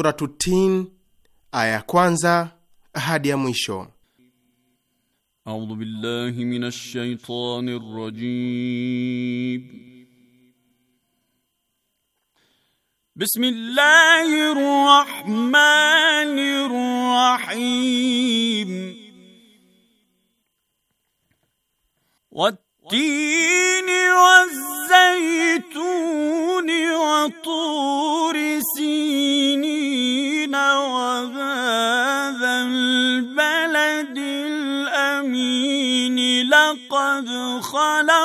Suratu Tin, aya ya kwanza hadi ya mwisho. Audhu billahi minash shaitani rajim. Bismillahir rahmanir rahim. Wat-tini waz-zaytuni wat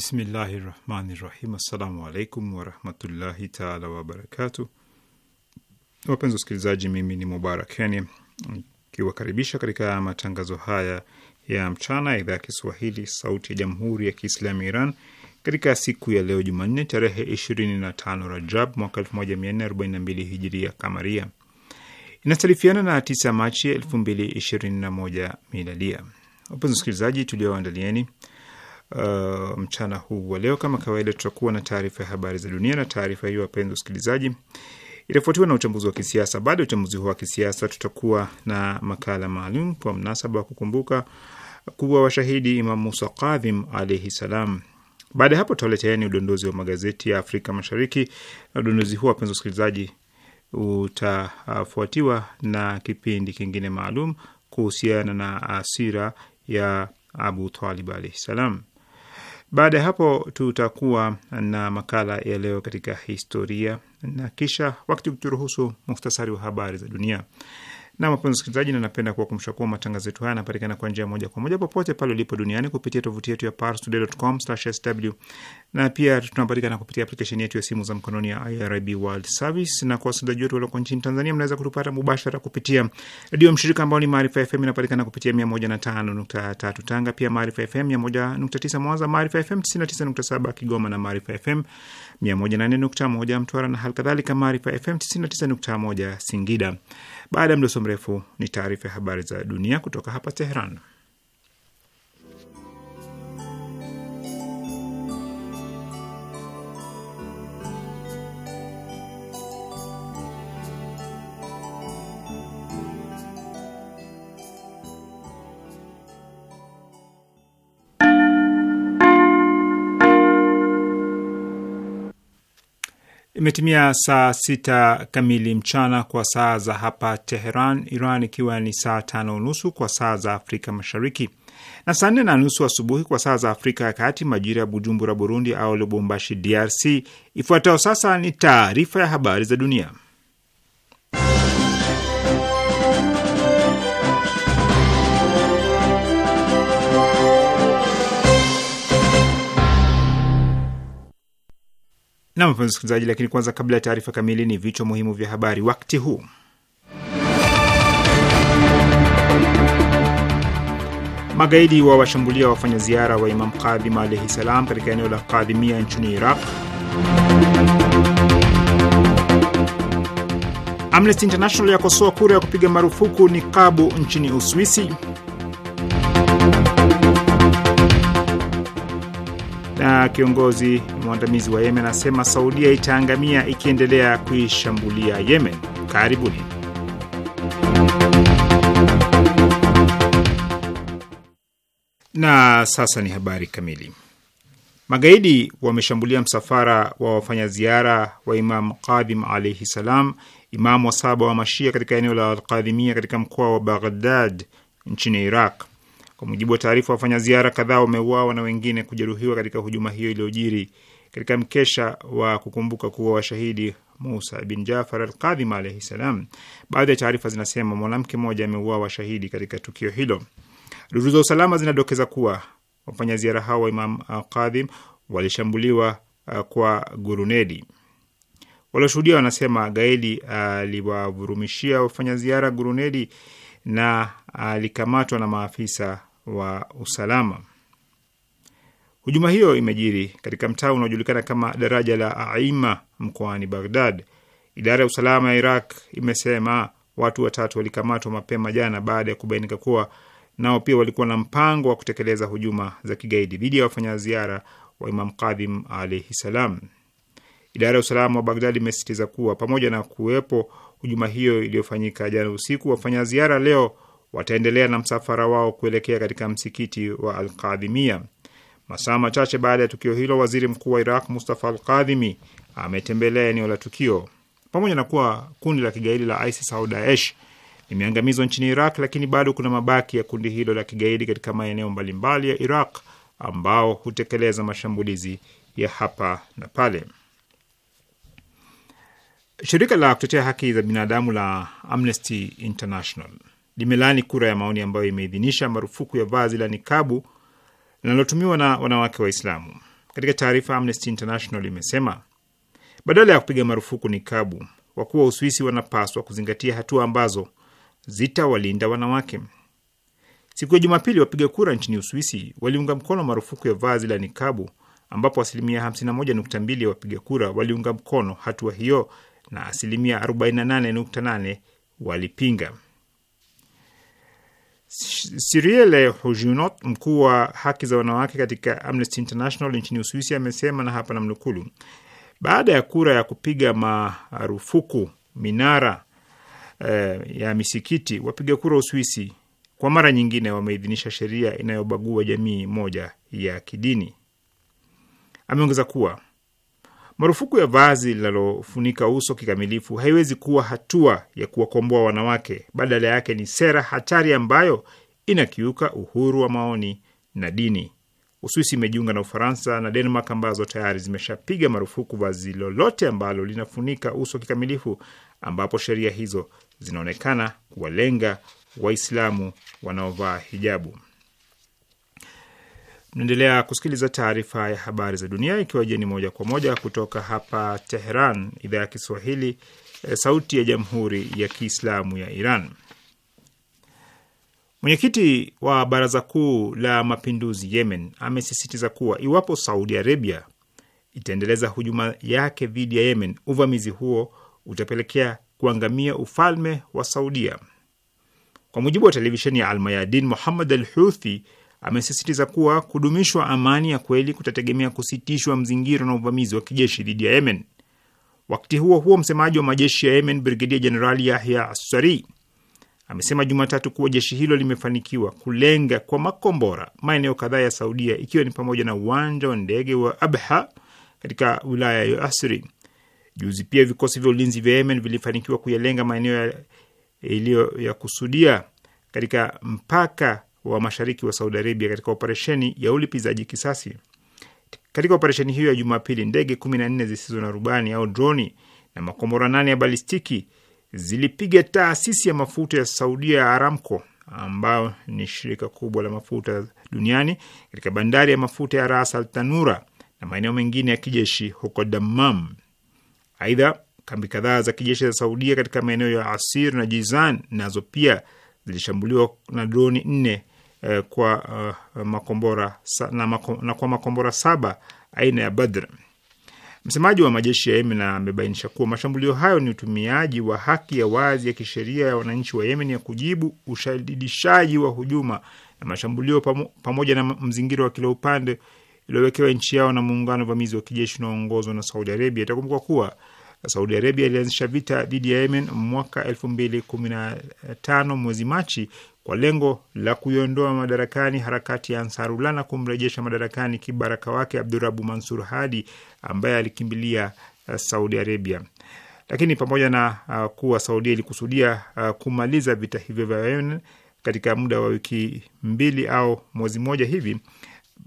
Bismillahi rahmani rahim. Assalamu alaikum warahmatullahi taala wabarakatu. Wapenzi wasikilizaji, mimi ni Mubarak Kenya nikiwakaribisha katika matangazo haya ya mchana ya idhaa ya Kiswahili sauti ya jamhuri ya Kiislamu ya Iran katika siku ya leo Jumanne tarehe 25 Rajab mwaka 1442 hijiria kamaria inasalifiana na 9 Machi 2021 miladia. Wapenzi wasikilizaji, tulioandalieni uh, mchana huu wa leo. Kama kawaida, tutakuwa na taarifa ya habari za dunia, na taarifa hiyo, wapenzi usikilizaji, itafuatiwa na uchambuzi wa kisiasa. Baada ya uchambuzi huo wa kisiasa, tutakuwa na makala maalum kwa mnasaba wa kukumbuka kuwa washahidi Imam Musa Kadhim alaihi salam. Baada ya hapo, tutawaleteeni udondozi wa magazeti ya Afrika Mashariki, na udondozi huo, wapenzi wasikilizaji, utafuatiwa na kipindi kingine maalum kuhusiana na asira ya Abu Talib alaihi salam. Baada ya hapo tutakuwa na makala ya leo katika historia na kisha wakati kuturuhusu muhtasari wa habari za dunia na mapenzi msikilizaji, na napenda kuwakumbusha kuwa matangazo yetu haya yanapatikana kwa njia moja kwa moja popote pale ulipo duniani kupitia tovuti yetu ya parstoday.com/sw na pia tunapatikana kupitia aplikesheni yetu ya simu za mkononi ya IRIB World Service. Na kwa wasikilizaji wetu walioko nchini Tanzania, mnaweza kutupata mubashara kupitia redio mshirika ambao ni Maarifa FM, inapatikana kupitia 105.3 Tanga, pia Maarifa FM 101.9 Mwanza, Maarifa FM 99.7 Kigoma na Maarifa FM 108.1 Mtwara na hali kadhalika Maarifa FM 99.1 Singida. Baada ya mdoso mrefu ni taarifa ya habari za dunia kutoka hapa Teheran. Imetimia saa sita kamili mchana kwa saa za hapa Teheran, Iran, ikiwa ni saa tano unusu kwa saa za Afrika Mashariki na saa nne na nusu asubuhi kwa saa za Afrika ya Kati, majira ya Bujumbura, Burundi, au Lubumbashi, DRC. Ifuatayo sasa ni taarifa ya habari za dunia. na mpenzi msikilizaji, lakini kwanza, kabla ya taarifa kamili, ni vichwa muhimu vya habari wakati huu. Magaidi wa washambulia wafanya ziara wa Imam Kadhim alaihi salam katika eneo la Kadhimia nchini Iraq. Amnesty International yakosoa kura ya kupiga marufuku nikabu nchini Uswisi. Na kiongozi mwandamizi wa Yemen anasema Saudia itaangamia ikiendelea kuishambulia Yemen. Karibuni. Na sasa ni habari kamili. Magaidi wameshambulia msafara wa wafanyaziara wa Imam Kadhim alaihi salam, imamu wa saba wa Mashia katika eneo la Alqadhimia katika mkoa wa Baghdad nchini Iraq. Kwa mujibu wa taarifa, wafanya ziara kadhaa wameuawa na wengine kujeruhiwa katika hujuma hiyo iliyojiri katika mkesha wa kukumbuka kuwa washahidi Musa bin Jafar al Kadhim alaihi salam. Baadhi ya taarifa zinasema mwanamke mmoja ameuawa shahidi katika tukio hilo. Duru za usalama zinadokeza kuwa wafanyaziara hao wa Imam al Kadhim walishambuliwa uh, kwa gurunedi. Walioshuhudia wanasema gaidi aliwavurumishia wafanyaziara gurunedi na alikamatwa na maafisa wa usalama. Hujuma hiyo imejiri katika mtaa unaojulikana kama daraja la Aima mkoani Baghdad. Idara ya usalama ya Iraq imesema watu watatu walikamatwa mapema jana baada ya kubainika kuwa nao pia walikuwa na mpango wa kutekeleza hujuma za kigaidi dhidi ya wafanya ziara wa Imam Kadhim alaihi salam. Idara ya usalama wa Bagdad imesisitiza kuwa pamoja na kuwepo hujuma hiyo iliyofanyika jana usiku, wafanya ziara leo wataendelea na msafara wao kuelekea katika msikiti wa Alkadhimia. Masaa machache baada ya tukio hilo, waziri mkuu wa Iraq Mustafa Alkadhimi ametembelea eneo la tukio. Pamoja na kuwa kundi la kigaidi la ISIS au Daesh limeangamizwa nchini Iraq, lakini bado kuna mabaki ya kundi hilo la kigaidi katika maeneo mbalimbali ya Iraq ambao hutekeleza mashambulizi ya hapa na pale. Shirika la kutetea haki za binadamu la Amnesty International limelaani kura ya maoni ambayo imeidhinisha marufuku ya vazi la nikabu linalotumiwa na wanawake Waislamu. Katika taarifa, Amnesty International imesema badala ya kupiga marufuku nikabu, wakuu wa Uswisi wanapaswa kuzingatia hatua ambazo zitawalinda wanawake. Siku ya Jumapili, wapiga kura nchini Uswisi waliunga mkono marufuku ya vazi la nikabu, ambapo asilimia 51.2 ya wapiga kura waliunga mkono hatua hiyo na asilimia 48.8 walipinga. Siriele Hojunot, mkuu wa haki za wanawake katika Amnesty International nchini Uswisi, amesema na hapa namnukulu: baada ya kura ya kupiga marufuku minara eh, ya misikiti, wapiga kura Uswisi kwa mara nyingine wameidhinisha sheria inayobagua jamii moja ya kidini. Ameongeza kuwa Marufuku ya vazi linalofunika uso kikamilifu haiwezi kuwa hatua ya kuwakomboa wanawake. Badala yake ni sera hatari ambayo inakiuka uhuru wa maoni na dini. Uswisi imejiunga na Ufaransa na Denmark ambazo tayari zimeshapiga marufuku vazi lolote ambalo linafunika uso kikamilifu, ambapo sheria hizo zinaonekana kuwalenga Waislamu wanaovaa hijabu naendelea kusikiliza taarifa ya habari za dunia ikiwa jeni moja kwa moja kutoka hapa Teheran, idhaa ya Kiswahili, eh, sauti ya jamhuri ya kiislamu ya Iran. Mwenyekiti wa baraza kuu la mapinduzi Yemen amesisitiza kuwa iwapo Saudi Arabia itaendeleza hujuma yake dhidi ya Yemen, uvamizi huo utapelekea kuangamia ufalme wa Saudia. Kwa mujibu wa televisheni ya Almayadin, Muhammad al Huthi amesisitiza kuwa kudumishwa amani ya kweli kutategemea kusitishwa mzingiro na uvamizi wa kijeshi dhidi ya Yemen. Wakati huo huo, msemaji wa majeshi ya Yemen Brigedia Jenerali Yahya sari amesema Jumatatu kuwa jeshi hilo limefanikiwa kulenga kwa makombora maeneo kadhaa ya Saudia, ikiwa ni pamoja na uwanja wa ndege wa Abha katika wilaya ya Asri. Juzi pia vikosi vya ulinzi vya Yemen vilifanikiwa kuyalenga maeneo yaliyoyakusudia katika mpaka wa mashariki wa Saudi Arabia katika operesheni ya ulipizaji kisasi. Katika operesheni hiyo ya Jumapili, ndege 14 zisizo na rubani au droni na makombora nane ya balistiki zilipiga taasisi ya mafuta ya Saudia ya Aramco ambayo ni shirika kubwa la mafuta duniani katika bandari ya mafuta ya Ras Al Tanura na maeneo mengine ya kijeshi huko Dammam. Aidha, kambi kadhaa za kijeshi za Saudia katika maeneo ya Asir na Jizan nazo pia zilishambuliwa na droni nne eh, kwa uh, makombora na, mako, na kwa makombora saba aina ya Badr. Msemaji wa majeshi ya Yemen amebainisha kuwa mashambulio hayo ni utumiaji wa haki ya wazi ya kisheria ya wananchi wa Yemen ya kujibu ushadidishaji wa hujuma na mashambulio pamo, pamoja na mzingiro wa kila upande uliowekewa nchi yao na muungano vamizi wa kijeshi unaoongozwa na Saudi Arabia. Itakumbuka kuwa Saudi Arabia ilianzisha vita dhidi ya Yemen mwaka elfu mbili kumi na tano mwezi Machi kwa lengo la kuiondoa madarakani harakati ya Ansarullah na kumrejesha madarakani kibaraka wake Abdurabu Mansur Hadi ambaye alikimbilia uh, Saudi Arabia. Lakini pamoja na uh, kuwa Saudia ilikusudia uh, kumaliza vita hivyo vya Yemen katika muda wa wiki mbili au mwezi mmoja hivi,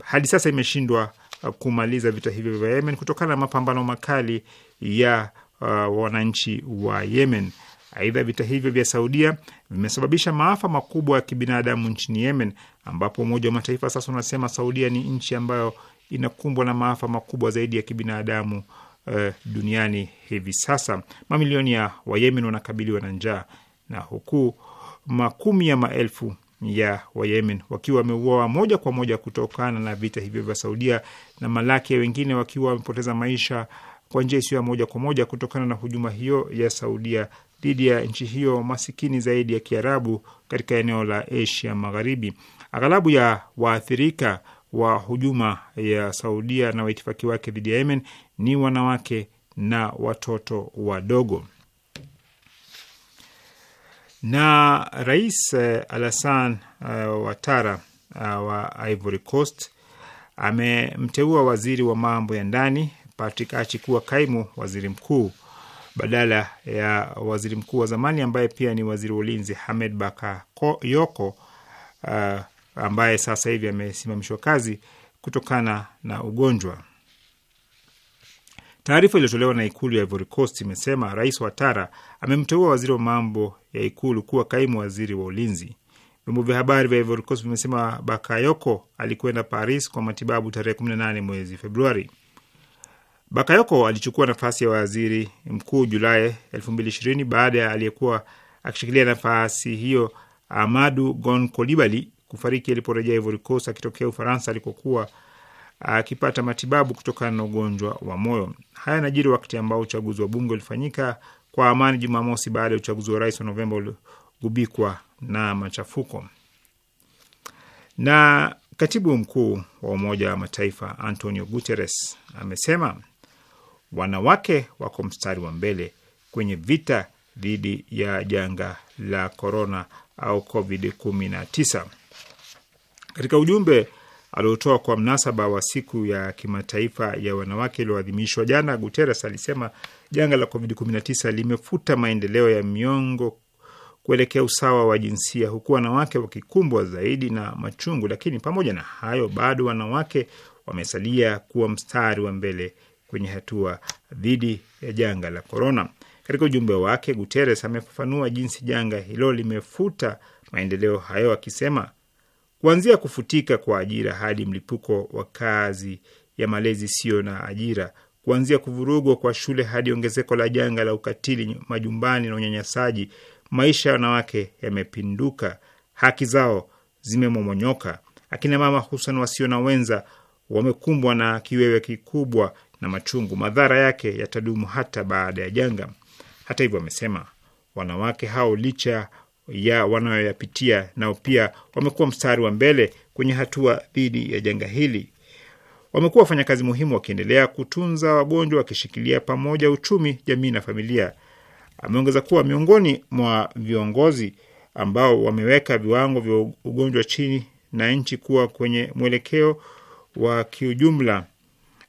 hadi sasa imeshindwa uh, kumaliza vita hivyo vya Yemen kutokana na mapambano makali ya uh, wananchi wa Yemen. Aidha, vita hivyo vya Saudia vimesababisha maafa makubwa ya kibinadamu nchini Yemen, ambapo Umoja wa Mataifa sasa unasema Saudia ni nchi ambayo inakumbwa na maafa makubwa zaidi ya kibinadamu uh, duniani hivi sasa. Mamilioni ya Wayemen wanakabiliwa na njaa na huku makumi ya maelfu ya Wayemen wakiwa wameuawa moja kwa moja kutokana na vita hivyo vya Saudia na malaki ya wengine wakiwa wamepoteza maisha kwa njia isiyo ya moja kwa moja kutokana na hujuma hiyo ya Saudia dhidi ya nchi hiyo masikini zaidi ya Kiarabu katika eneo la Asia Magharibi. Aghalabu ya waathirika wa hujuma ya Saudia na waitifaki wake dhidi ya Yemen ni wanawake na watoto wadogo. Na Rais eh, Alassane eh, Ouattara eh, wa Ivory Coast amemteua waziri wa mambo ya ndani achi kuwa kaimu waziri mkuu badala ya waziri mkuu wa zamani ambaye pia ni waziri wa ulinzi Hamed Bakayoko uh, ambaye sasa hivi amesimamishwa kazi kutokana na ugonjwa. Taarifa iliyotolewa na ikulu ya Ivory Coast imesema rais Ouattara amemteua waziri wa mambo ya ikulu kuwa kaimu waziri wa ulinzi. Vyombo vya habari vya Ivory Coast vimesema Bakayoko alikwenda Paris kwa matibabu tarehe 18 mwezi Februari. Bakayoko alichukua nafasi ya waziri mkuu Julai 2020 baada ya aliyekuwa akishikilia nafasi hiyo Amadu Gon Kolibali kufariki aliporejea Ivory Coast akitokea Ufaransa alikokuwa akipata matibabu kutokana na ugonjwa wa moyo. Haya najiri wakati ambao uchaguzi wa bunge ulifanyika kwa amani Jumamosi baada ya uchaguzi wa rais wa Novemba uliogubikwa na machafuko. Na katibu mkuu wa Umoja wa Mataifa Antonio Guterres amesema wanawake wako mstari wa mbele kwenye vita dhidi ya janga la korona au COVID-19. Katika ujumbe aliotoa kwa mnasaba wa siku ya kimataifa ya wanawake iliyoadhimishwa jana, Guterres alisema janga la COVID-19 limefuta maendeleo ya miongo kuelekea usawa wa jinsia, huku wanawake wakikumbwa zaidi na machungu. Lakini pamoja na hayo, bado wanawake wamesalia kuwa mstari wa mbele kwenye hatua dhidi ya janga la korona. Katika ujumbe wake, Guterres amefafanua jinsi janga hilo limefuta maendeleo hayo, akisema kuanzia kufutika kwa ajira hadi mlipuko wa kazi ya malezi isiyo na ajira, kuanzia kuvurugwa kwa shule hadi ongezeko la janga la ukatili majumbani na unyanyasaji, maisha ya wanawake yamepinduka, haki zao zimemomonyoka. Akina mama hususan wasio na wenza wamekumbwa na kiwewe kikubwa na machungu. Madhara yake yatadumu hata baada ya janga. Hata hivyo, amesema wanawake hao licha ya wanayoyapitia, nao pia wamekuwa mstari wa mbele kwenye hatua dhidi ya janga hili. Wamekuwa wafanyakazi muhimu, wakiendelea kutunza wagonjwa, wakishikilia pamoja uchumi, jamii na familia. Ameongeza kuwa miongoni mwa viongozi ambao wameweka viwango vya ugonjwa chini na nchi kuwa kwenye mwelekeo wa kiujumla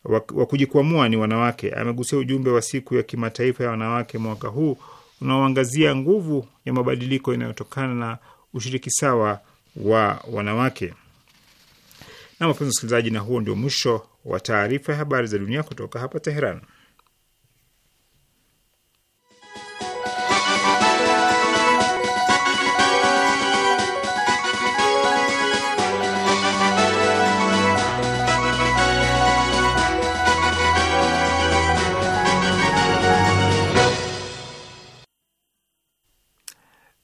wa kujikwamua ni wanawake. Amegusia ujumbe wa siku ya kimataifa ya wanawake mwaka huu unaoangazia nguvu ya mabadiliko inayotokana na ushiriki sawa wa wanawake. Na mapenzi msikilizaji, na huo ndio mwisho wa taarifa ya habari za dunia kutoka hapa Teheran.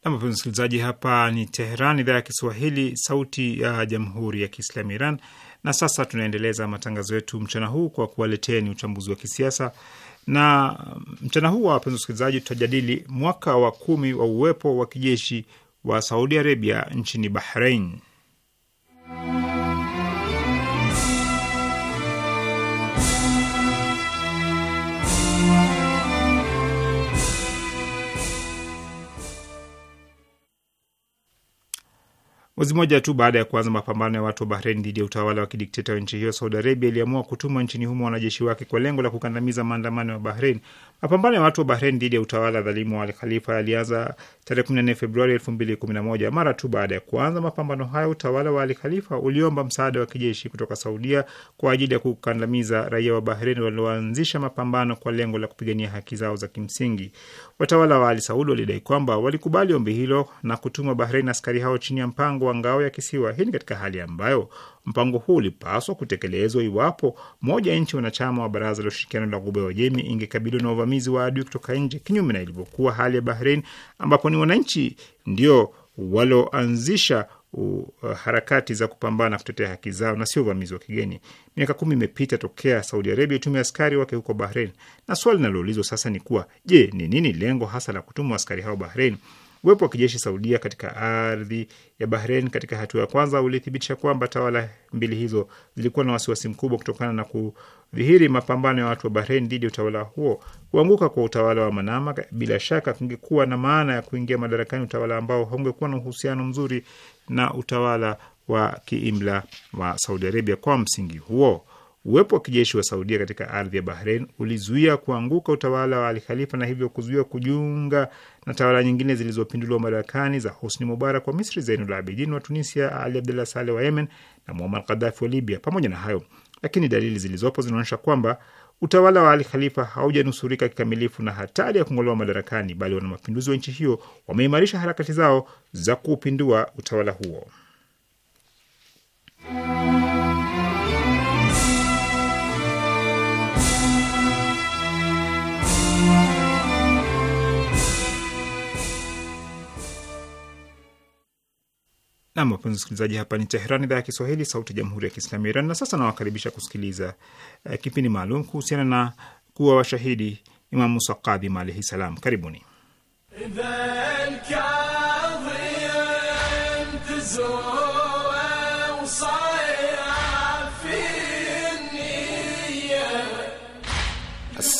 Nam wapenzi msikilizaji, hapa ni Teheran, idhaa ya Kiswahili, sauti ya jamhuri ya kiislamu Iran. Na sasa tunaendeleza matangazo yetu mchana huu kwa kuwaleteni uchambuzi wa kisiasa, na mchana huu wa wapenzi wasikilizaji, tutajadili mwaka wa kumi wa uwepo wa kijeshi wa Saudi Arabia nchini Bahrain. Mwezi mmoja tu baada ya kuanza mapambano ya watu wa Bahrein dhidi ya utawala wa kidikteta wa nchi hiyo, Saudi Arabia iliamua kutuma nchini humo wanajeshi wake kwa lengo la kukandamiza maandamano ya Bahrein Mapambano ya watu wa Bahrein dhidi ya utawala dhalimu wa Alkhalifa yalianza tarehe 14 Februari 2011. Mara tu baada ya kuanza mapambano hayo, utawala wa Alkhalifa uliomba msaada wa kijeshi kutoka Saudia kwa ajili ya kukandamiza raia wa Bahrein walioanzisha mapambano kwa lengo la kupigania haki zao za kimsingi. Watawala wa Ali Saud walidai kwamba walikubali ombi hilo na kutuma Bahrein askari hao chini ya mpango wa ngao ya kisiwa. Hii ni katika hali ambayo Mpango huu ulipaswa kutekelezwa iwapo moja ya nchi wanachama wa Baraza la Ushirikiano la Ghuba ya Uajemi ingekabiliwa na uvamizi wa adui kutoka nje, kinyume na ilivyokuwa hali ya Bahrein, ambapo ni wananchi ndio walioanzisha Uh, harakati za kupambana kutetea haki zao na sio uvamizi wa kigeni. Miaka kumi imepita tokea Saudi Arabia itume askari wake huko Bahrein, na swali linaloulizwa sasa ni kuwa, je, ni nini lengo hasa la kutuma askari hao bahrein Uwepo wa kijeshi Saudia katika ardhi ya Bahrein katika hatua ya kwanza ulithibitisha kwamba tawala mbili hizo zilikuwa na wasiwasi mkubwa kutokana na kudhihiri mapambano ya watu wa Bahrein dhidi ya utawala huo. Kuanguka kwa utawala wa Manama bila shaka kungekuwa na maana ya kuingia madarakani utawala ambao haungekuwa na uhusiano mzuri na utawala wa kiimla wa Saudi Arabia. Kwa msingi huo Uwepo wa kijeshi wa Saudia katika ardhi ya Bahrein ulizuia kuanguka utawala wa ali Khalifa na hivyo kuzuia kujiunga na tawala nyingine zilizopinduliwa madarakani za Hosni Mubarak wa Misri, Zainul Abidin wa Tunisia, Ali Abdullah Saleh wa Yemen na Muammar Gaddafi wa Libya. Pamoja na hayo lakini, dalili zilizopo zinaonyesha kwamba utawala wa Al Khalifa haujanusurika kikamilifu na hatari ya kung'olewa madarakani, bali wana mapinduzi wa nchi hiyo wameimarisha harakati zao za kuupindua utawala huo. Nam, wapenzi wasikilizaji, hapa ni Teheran, idhaa ya Kiswahili, sauti ya jamhuri ya kiislamu ya Iran. Na sasa nawakaribisha kusikiliza eh, kipindi maalum kuhusiana na kuwa washahidi Imam Musa Kadhim alaihi salam. Karibuni.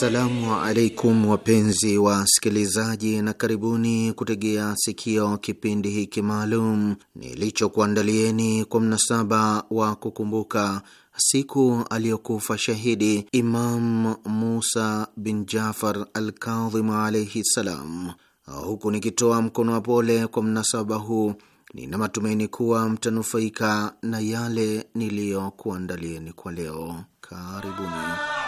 Assalamu alaikum wapenzi wa sikilizaji, na karibuni kutegea sikio kipindi hiki maalum nilichokuandalieni kwa mnasaba wa kukumbuka siku aliyokufa shahidi Imam Musa bin Jafar al Kadhim alaihi ssalam. Huku nikitoa mkono wa pole kwa mnasaba huu, nina matumaini kuwa mtanufaika na yale niliyokuandalieni kwa leo. Karibuni.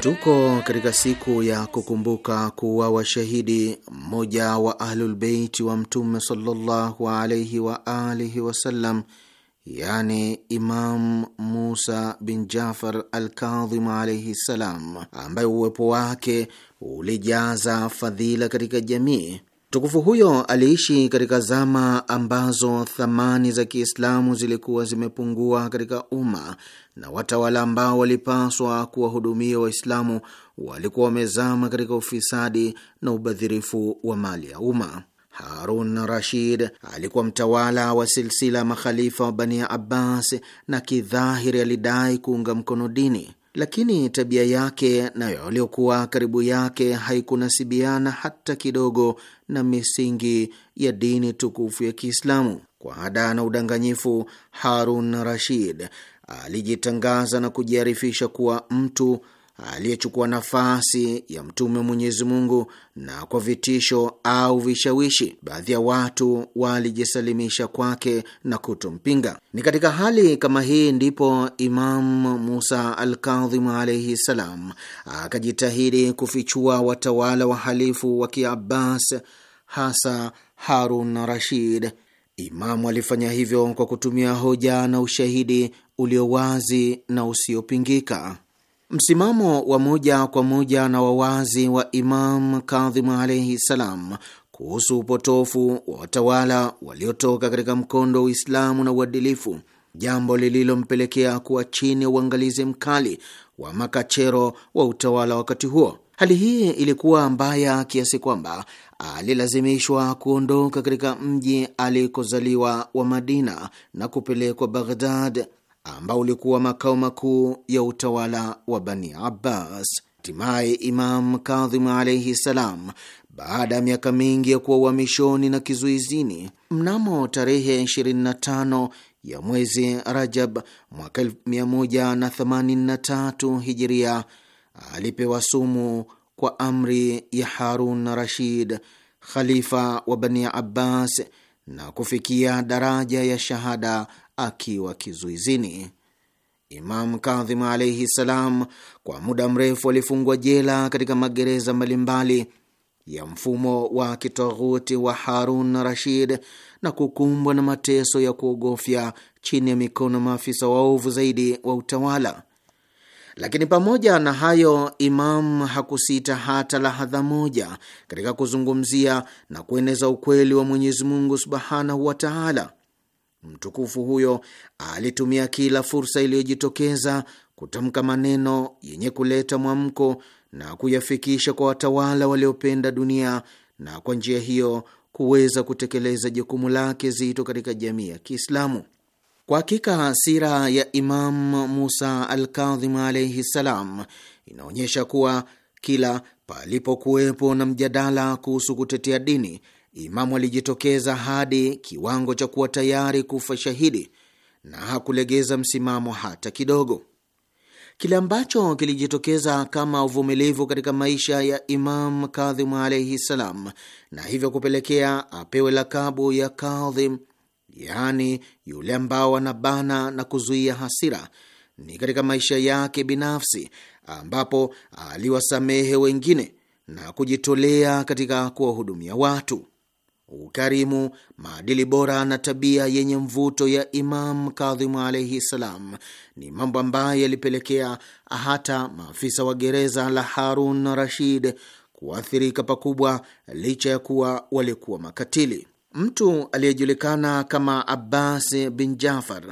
Tuko katika siku ya kukumbuka kuwa washahidi mmoja wa Ahlulbeiti wa Mtume sallallahu alaihi wa alihi wasallam, yani Imam Musa bin Jafar Alkadhim alaihi ssalam, ambaye uwepo wake ulijaza fadhila katika jamii. Mtukufu huyo aliishi katika zama ambazo thamani za Kiislamu zilikuwa zimepungua katika umma na watawala ambao walipaswa kuwahudumia Waislamu walikuwa wamezama katika ufisadi na ubadhirifu wa mali ya umma. Harun Rashid alikuwa mtawala wa silsila makhalifa wa Bani Abbas na kidhahiri alidai kuunga mkono dini lakini tabia yake nayo waliokuwa karibu yake haikunasibiana hata kidogo na misingi ya dini tukufu ya Kiislamu. Kwa ada na udanganyifu, Harun Rashid alijitangaza na kujiarifisha kuwa mtu aliyechukua nafasi ya mtume wa Mwenyezi Mungu, na kwa vitisho au vishawishi, baadhi ya watu walijisalimisha kwake na kutompinga. Ni katika hali kama hii ndipo imam Musa Alkadhimu alaihi ssalam akajitahidi kufichua watawala wahalifu wa Kiabbas, hasa Harun Rashid. Imamu alifanya hivyo kwa kutumia hoja na ushahidi ulio wazi na usiopingika. Msimamo wa moja kwa moja na wawazi wa Imam Kadhimu alaihi salam kuhusu upotofu wa watawala waliotoka katika mkondo wa Uislamu na uadilifu, jambo lililompelekea kuwa chini ya uangalizi mkali wa makachero wa utawala wakati huo. Hali hii ilikuwa mbaya kiasi kwamba alilazimishwa kuondoka katika mji alikozaliwa wa Madina na kupelekwa Baghdad ambao ulikuwa makao makuu ya utawala wa Bani Abbas. Hatimaye Imam Kadhimu alaihi salam, baada ya miaka mingi ya kuwa uhamishoni na kizuizini, mnamo tarehe 25 ya mwezi Rajab mwaka 183 Hijiria alipewa sumu kwa amri ya Harun Rashid, khalifa wa Bani Abbas, na kufikia daraja ya shahada akiwa kizuizini. Imam Kadhim alaihi ssalam kwa muda mrefu alifungwa jela katika magereza mbalimbali ya mfumo wa kitoghuti wa Harun Rashid na kukumbwa na mateso ya kuogofya chini ya mikono maafisa waovu zaidi wa utawala. Lakini pamoja na hayo, Imam hakusita hata lahadha moja katika kuzungumzia na kueneza ukweli wa Mwenyezi Mungu subhanahu wa taala Mtukufu huyo alitumia kila fursa iliyojitokeza kutamka maneno yenye kuleta mwamko na kuyafikisha kwa watawala waliopenda dunia na kwa njia hiyo kuweza kutekeleza jukumu lake zito katika jamii ya Kiislamu. Kwa hakika sira ya Imam Musa Alkadhim alaihi ssalam inaonyesha kuwa kila palipokuwepo na mjadala kuhusu kutetea dini Imamu alijitokeza hadi kiwango cha kuwa tayari kufa shahidi na hakulegeza msimamo hata kidogo. Kile ambacho kilijitokeza kama uvumilivu katika maisha ya Imam Kadhim alaihi ssalam, na hivyo kupelekea apewe lakabu ya Kadhim, yaani yule ambao anabana na kuzuia hasira, ni katika maisha yake binafsi ambapo aliwasamehe wengine na kujitolea katika kuwahudumia watu ukarimu, maadili bora na tabia yenye mvuto ya Imam Kadhimu alaihi ssalam ni mambo ambayo yalipelekea hata maafisa wa gereza la Harun Rashid kuathirika pakubwa, licha ya kuwa walikuwa makatili. Mtu aliyejulikana kama Abbas bin Jafar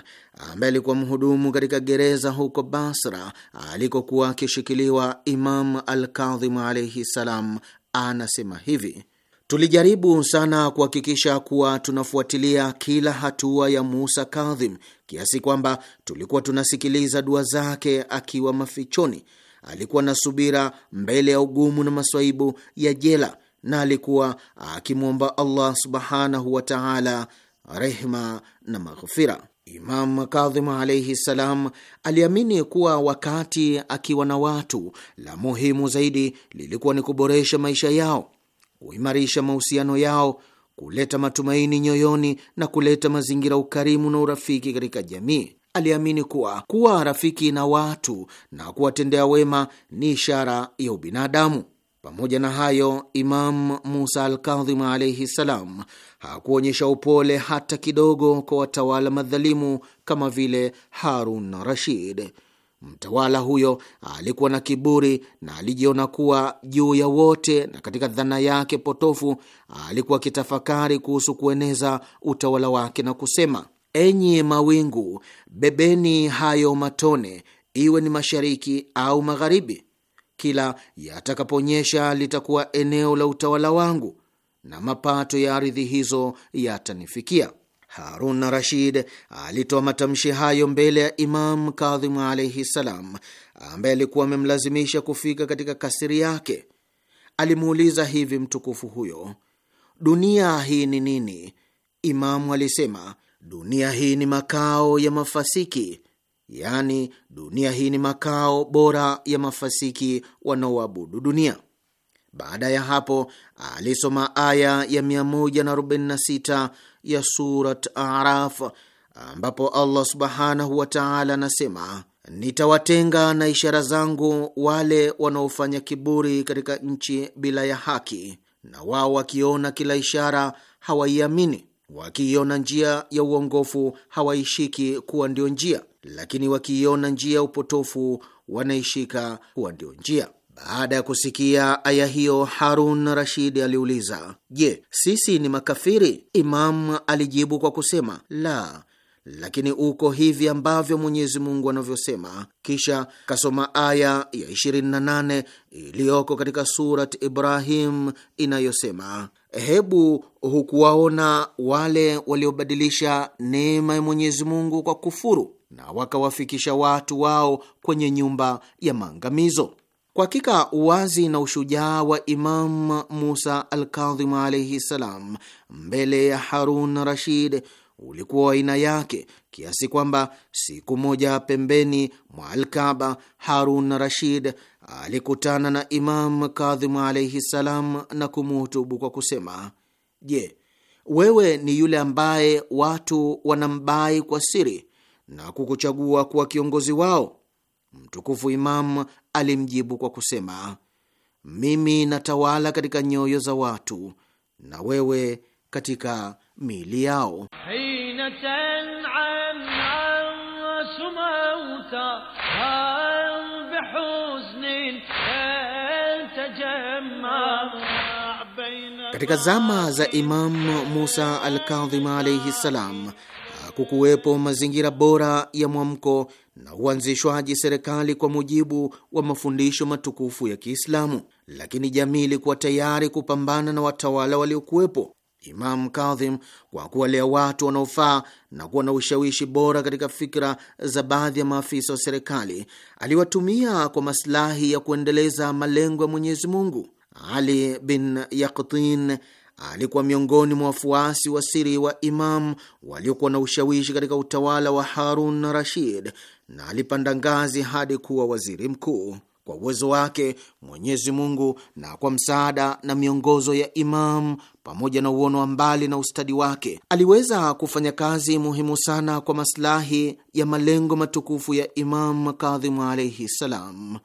ambaye alikuwa mhudumu katika gereza huko Basra alikokuwa akishikiliwa Imam Alkadhimu alaihi ssalam anasema hivi: Tulijaribu sana kuhakikisha kuwa tunafuatilia kila hatua ya Musa Kadhim kiasi kwamba tulikuwa tunasikiliza dua zake akiwa mafichoni. Alikuwa na subira mbele ya ugumu na maswaibu ya jela, na alikuwa akimwomba Allah subhanahu wa taala rehma na maghfira. Imam Kadhim alaihi ssalam aliamini kuwa wakati akiwa na watu, la muhimu zaidi lilikuwa ni kuboresha maisha yao kuimarisha mahusiano yao, kuleta matumaini nyoyoni na kuleta mazingira ukarimu na urafiki katika jamii. Aliamini kuwa kuwa rafiki na watu na kuwatendea wema ni ishara ya ubinadamu. Pamoja na hayo, Imam Musa Alkadhim alaihi ssalam hakuonyesha upole hata kidogo kwa watawala madhalimu kama vile Harun Rashid. Mtawala huyo alikuwa na kiburi na alijiona kuwa juu ya wote, na katika dhana yake potofu alikuwa akitafakari kuhusu kueneza utawala wake na kusema: enyi mawingu, bebeni hayo matone, iwe ni mashariki au magharibi. Kila yatakaponyesha litakuwa eneo la utawala wangu, na mapato ya ardhi hizo yatanifikia. Harun Rashid alitoa matamshi hayo mbele ya Imam Kadhimu alaihi ssalam, ambaye alikuwa amemlazimisha kufika katika kasiri yake. Alimuuliza hivi mtukufu huyo, dunia hii ni nini? Imamu alisema, dunia hii ni makao ya mafasiki, yaani dunia hii ni makao bora ya mafasiki wanaoabudu dunia. Baada ya hapo alisoma aya ya 146 ya Surat Araf ambapo Allah subhanahu wa taala anasema, nitawatenga na ishara zangu wale wanaofanya kiburi katika nchi bila ya haki, na wao wakiona kila ishara hawaiamini, wakiiona njia ya uongofu hawaishiki kuwa ndio njia, lakini wakiiona njia ya upotofu wanaishika kuwa ndio njia. Baada ya kusikia aya hiyo, Harun rashidi aliuliza, je, sisi ni makafiri? Imam alijibu kwa kusema la, lakini uko hivi ambavyo Mwenyezi Mungu anavyosema. Kisha kasoma aya ya 28 iliyoko katika Surat Ibrahim inayosema, hebu hukuwaona wale waliobadilisha neema ya Mwenyezi Mungu kwa kufuru na wakawafikisha watu wao kwenye nyumba ya maangamizo. Kwa hakika uwazi na ushujaa wa Imam Musa Alkadhimu alaihi ssalam mbele ya Harun Rashid ulikuwa wa aina yake kiasi kwamba siku moja pembeni mwa Alkaba Harun Rashid alikutana na Imam Kadhimu alaihi ssalam na kumuhutubu kwa kusema: Je, wewe ni yule ambaye watu wanambai kwa siri na kukuchagua kuwa kiongozi wao? Mtukufu Imam alimjibu kwa kusema, mimi natawala katika nyoyo za watu na wewe katika miili yao. Katika zama za imam Musa Alkadhim alaihi ssalam, hakukuwepo mazingira bora ya mwamko na uanzishwaji serikali kwa mujibu wa mafundisho matukufu ya Kiislamu, lakini jamii ilikuwa tayari kupambana na watawala waliokuwepo. Imamu Kadhim, kwa kuwalea watu wanaofaa na kuwa na ushawishi bora katika fikra za baadhi ya maafisa wa serikali, aliwatumia kwa masilahi ya kuendeleza malengo ya Mwenyezi Mungu. Ali bin Yaqtin alikuwa miongoni mwa wafuasi wa siri wa Imam waliokuwa na ushawishi katika utawala wa Harun Rashid na alipanda ngazi hadi kuwa waziri mkuu. Kwa uwezo wake Mwenyezi Mungu na kwa msaada na miongozo ya Imam pamoja na uono wa mbali na ustadi wake, aliweza kufanya kazi muhimu sana kwa masilahi ya malengo matukufu ya Imam Kadhimu alaihi ssalam.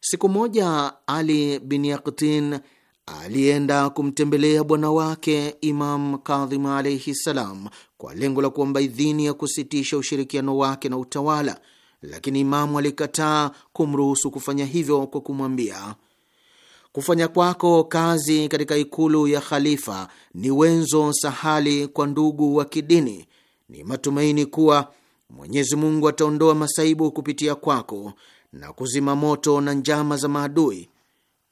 Siku moja Ali bin Yaktin alienda kumtembelea bwana wake Imam Kadhimu alaihi ssalam kwa lengo la kuomba idhini ya kusitisha ushirikiano wake na utawala lakini Imamu alikataa kumruhusu kufanya hivyo kwa kumwambia, kufanya kwako kazi katika ikulu ya khalifa ni wenzo sahali kwa ndugu wa kidini. Ni matumaini kuwa Mwenyezi Mungu ataondoa masaibu kupitia kwako na kuzima moto na njama za maadui.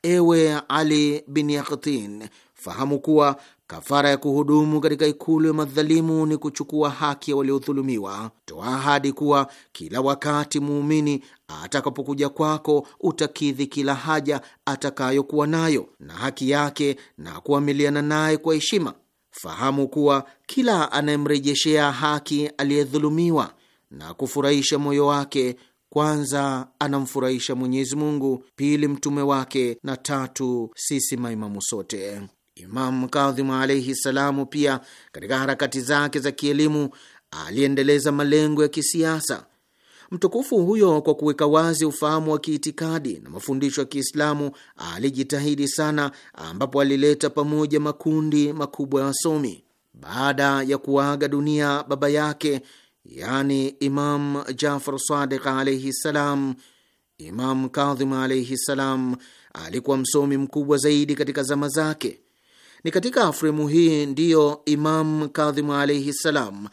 Ewe Ali bin Yakhtin, fahamu kuwa Kafara ya kuhudumu katika ikulu ya madhalimu ni kuchukua haki ya waliodhulumiwa. Toa ahadi kuwa kila wakati muumini atakapokuja kwako utakidhi kila haja atakayokuwa nayo na haki yake na kuamiliana naye kwa heshima. Fahamu kuwa kila anayemrejeshea haki aliyedhulumiwa na kufurahisha moyo wake, kwanza anamfurahisha Mwenyezi Mungu, pili mtume wake, na tatu sisi maimamu sote. Imam Kadhimu alaihi ssalamu pia katika harakati zake za kielimu aliendeleza malengo ya kisiasa. Mtukufu huyo kwa kuweka wazi ufahamu wa kiitikadi na mafundisho ya Kiislamu alijitahidi sana, ambapo alileta pamoja makundi makubwa ya wasomi. Baada ya kuaga dunia baba yake, yani Imam Jafar Sadiq alaihi ssalam, Imam Kadhim alaihi ssalam alikuwa msomi mkubwa zaidi katika zama zake. Ni katika fremu hii ndiyo Imam Kadhimu alaihi ssalam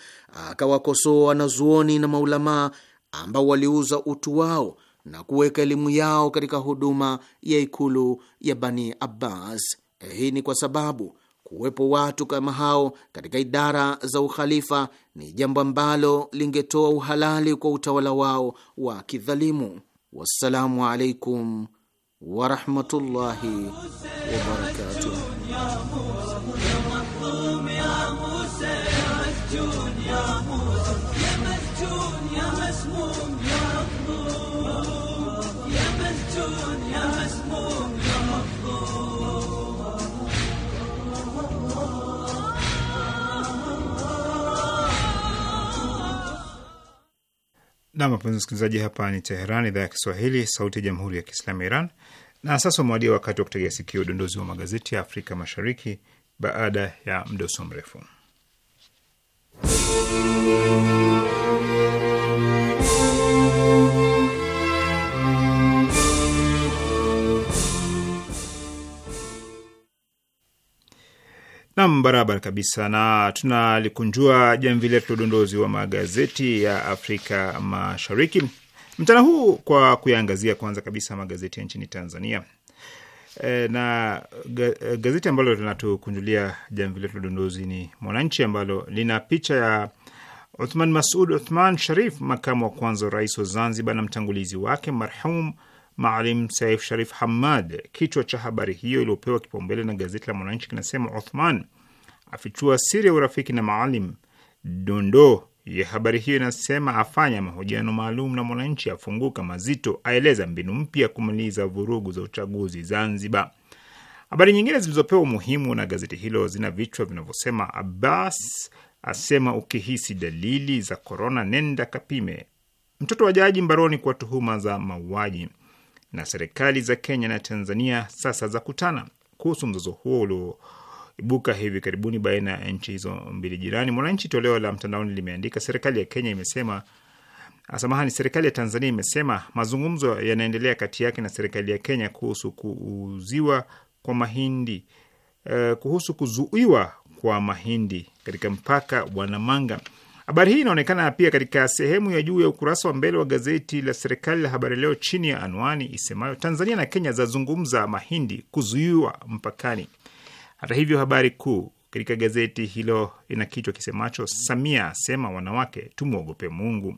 akawakosoa wanazuoni na maulamaa ambao waliuza utu wao na kuweka elimu yao katika huduma ya ikulu ya Bani Abbas. Hii ni kwa sababu kuwepo watu kama hao katika idara za ukhalifa ni jambo ambalo lingetoa uhalali kwa utawala wao wa kidhalimu. Wassalamu alaikum warahmatullahi wabarakatuh. Nam, wapenzi wasikilizaji, hapa ni Teheran, idhaa ya Kiswahili, sauti ya jamhuri ya kiislamu ya Iran. Na sasa umewadia wakati wa kutegea sikio udondozi wa magazeti ya Afrika Mashariki baada ya mdoso mrefu. Nam, barabara kabisa, na tunalikunjua jamvi letu la udondozi wa magazeti ya Afrika Mashariki mchana huu kwa kuyaangazia kwanza kabisa magazeti ya nchini Tanzania e, na e, gazeti ambalo linatukunjulia jamvi letu dondozi ni Mwananchi ambalo lina picha ya Uthman Masud Uthman Sharif, makamu wa kwanza wa rais wa Zanzibar na mtangulizi wake marhum Maalim Saif Sharif Hamad. Kichwa cha habari hiyo iliyopewa kipaumbele na gazeti la Mwananchi kinasema Uthman afichua siri ya urafiki na Maalim, dondoo ya habari hiyo inasema afanya mahojiano maalum na Mwananchi, afunguka mazito, aeleza mbinu mpya kumaliza vurugu za uchaguzi Zanzibar. Habari nyingine zilizopewa umuhimu na gazeti hilo zina vichwa vinavyosema Abbas asema ukihisi dalili za korona nenda kapime, mtoto wa jaji mbaroni kwa tuhuma za mauaji, na serikali za Kenya na Tanzania sasa za kutana kuhusu mzozo huo ulio buka hivi karibuni baina ya nchi hizo mbili jirani. Mwananchi toleo la mtandaoni limeandika, serikali ya Kenya imesema ah, Samahani, serikali ya Tanzania imesema mazungumzo yanaendelea kati yake na serikali ya Kenya kuhusu kuuziwa kwa mahindi eh, kuhusu kuzuiwa kwa mahindi katika mpaka wa Namanga. Habari hii inaonekana pia katika sehemu ya juu ya ukurasa wa mbele wa gazeti la serikali la Habari Leo chini ya anwani isemayo Tanzania na Kenya zazungumza mahindi kuzuiwa mpakani. Hata hivyo, habari kuu katika gazeti hilo ina kichwa kisemacho Samia asema wanawake tumwogope Mungu.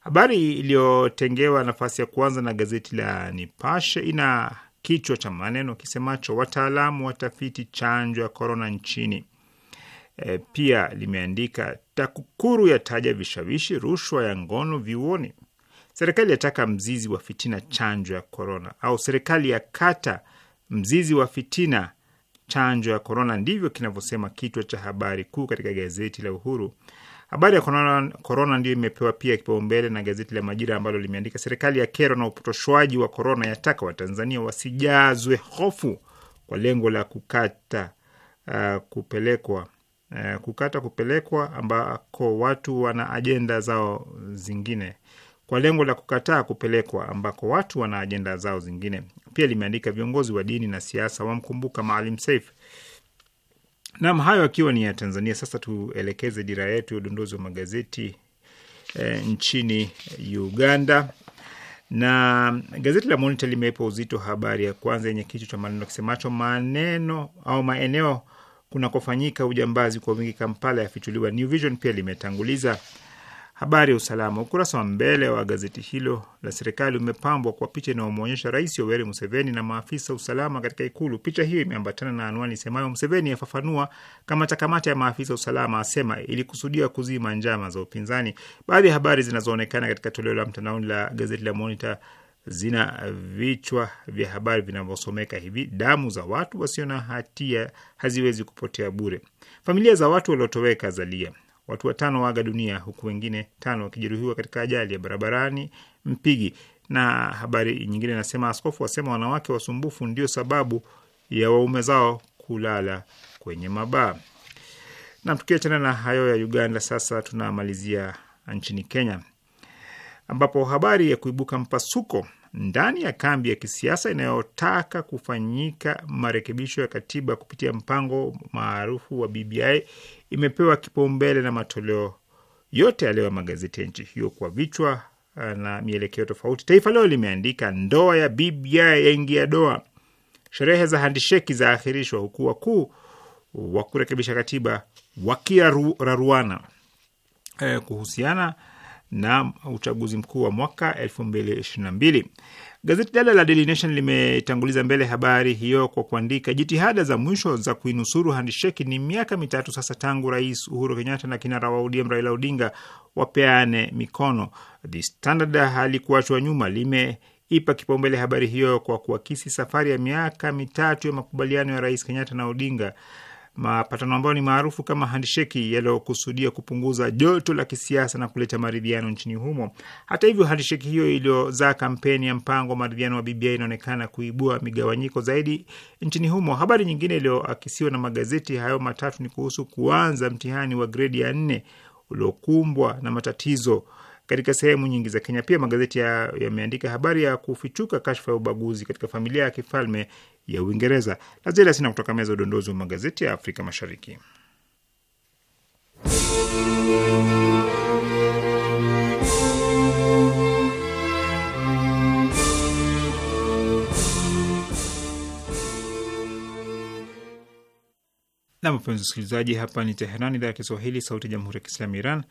Habari iliyotengewa nafasi ya kwanza na gazeti la Nipashe ina kichwa cha maneno kisemacho wataalamu watafiti chanjo ya korona nchini. E, pia limeandika TAKUKURU yataja vishawishi rushwa ya ngono vyuoni, serikali yataka mzizi wa fitina chanjo ya korona, au serikali ya kata mzizi wa fitina chanjo ya korona, ndivyo kinavyosema kichwa cha habari kuu katika gazeti la Uhuru. Habari ya korona ndiyo imepewa pia kipaumbele na gazeti la Majira ambalo limeandika serikali ya kero na upotoshwaji wa korona yataka Watanzania wasijazwe hofu kwa lengo la kukata uh, kupelekwa uh, kukata kupelekwa ambako watu wana ajenda zao zingine kwa lengo la kukataa kupelekwa ambako watu wana ajenda zao zingine. Pia limeandika viongozi wa dini na siasa wamkumbuka Maalim Seif. Nam, hayo akiwa ni ya Tanzania. Sasa tuelekeze dira yetu ya udondozi wa magazeti e, nchini Uganda na gazeti la Monitor limeipa uzito habari ya kwanza yenye kichwa cha maneno kisemacho maneno au maeneo kunakofanyika ujambazi kwa wingi Kampala yafichuliwa. New Vision pia limetanguliza habari ya usalama. Ukurasa wa mbele wa gazeti hilo la serikali umepambwa kwa picha inayomwonyesha Rais Yoweri Museveni na maafisa usalama katika Ikulu. Picha hiyo imeambatana na anwani semayo, Museveni afafanua kama takamata ya maafisa usalama, asema ilikusudia kuzima njama za upinzani. Baadhi ya habari zinazoonekana katika toleo la mtandaoni la gazeti la Monitor zina vichwa vya habari vinavyosomeka hivi: damu za watu wasio na hatia haziwezi kupotea bure, familia za watu waliotoweka zalia, watu watano waaga dunia huku wengine tano wakijeruhiwa katika ajali ya barabarani Mpigi. Na habari nyingine inasema askofu wasema wanawake wasumbufu ndio sababu ya waume zao kulala kwenye mabaa. Na tukiachana na hayo ya Uganda, sasa tunamalizia nchini Kenya ambapo habari ya kuibuka mpasuko ndani ya kambi ya kisiasa inayotaka kufanyika marekebisho ya katiba kupitia mpango maarufu wa BBI imepewa kipaumbele na matoleo yote yaliyo ya magazeti ya nchi hiyo kwa vichwa eh, na mielekeo tofauti. Taifa Leo limeandika ndoa ya BBI yaingia doa, sherehe za handisheki zaahirishwa, huku wakuu wa kurekebisha katiba wakiraruana eh, kuhusiana na uchaguzi mkuu wa mwaka elfu mbili ishirini na mbili. Gazeti dada la Daily Nation limetanguliza mbele habari hiyo kwa kuandika, jitihada za mwisho za kuinusuru handisheki ni miaka mitatu sasa tangu Rais Uhuru Kenyatta na kinara wa ODM Raila Odinga wapeane mikono. The Standard halikuachwa nyuma, limeipa kipaumbele habari hiyo kwa kuakisi safari ya miaka mitatu ya makubaliano ya Rais Kenyatta na Odinga mapatano ambayo ni maarufu kama handisheki yaliyokusudia kupunguza joto la kisiasa na kuleta maridhiano nchini humo. Hata hivyo, handisheki hiyo iliyozaa kampeni ya mpango wa maridhiano wa BBI inaonekana kuibua migawanyiko zaidi nchini humo. Habari nyingine iliyoakisiwa na magazeti hayo matatu ni kuhusu kuanza mtihani wa gredi ya nne uliokumbwa na matatizo katika sehemu nyingi za Kenya. Pia magazeti yameandika ya habari ya kufichuka kashfa ya ubaguzi katika familia ya kifalme ya Uingereza. La sina kutoka meza udondozi wa magazeti ya Afrika Mashariki. Nam, mpenzi msikilizaji, hapa ni Teherani, idhaa ya Kiswahili, sauti ya jamhuri ya kiislamu Iran.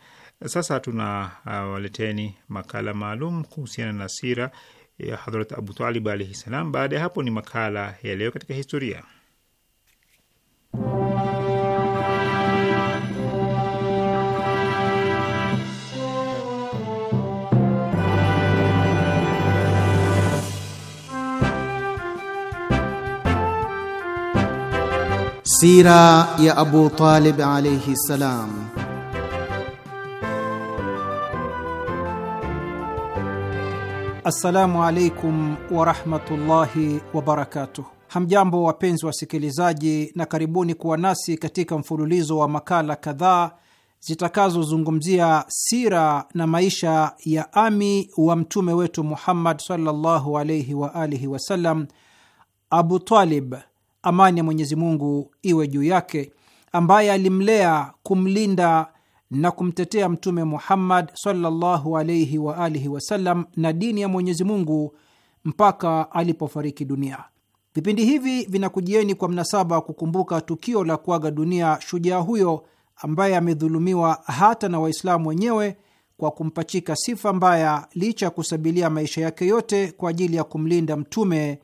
Sasa tunawaleteni uh, makala maalum kuhusiana na sira ya Hadhrat Abu Talib alaihi salam. Baada ya hapo ni makala ya leo katika historia. Sira ya Abu Talib alaihi salam. Assalamu alaikum warahmatullahi wabarakatuh. Hamjambo wapenzi wasikilizaji, na karibuni kuwa nasi katika mfululizo wa makala kadhaa zitakazozungumzia sira na maisha ya ami wa mtume wetu Muhammad sallallahu alaihi wa alihi wasallam, Abu Talib, amani ya Mwenyezi Mungu iwe juu yake, ambaye alimlea, kumlinda na kumtetea Mtume Muhammad sallallahu alaihi wa alihi wasallam na dini ya Mwenyezi Mungu mpaka alipofariki dunia. Vipindi hivi vinakujieni kwa mnasaba wa kukumbuka tukio la kuaga dunia shujaa huyo ambaye amedhulumiwa hata na Waislamu wenyewe kwa kumpachika sifa mbaya licha ya kusabilia maisha yake yote kwa ajili ya kumlinda mtume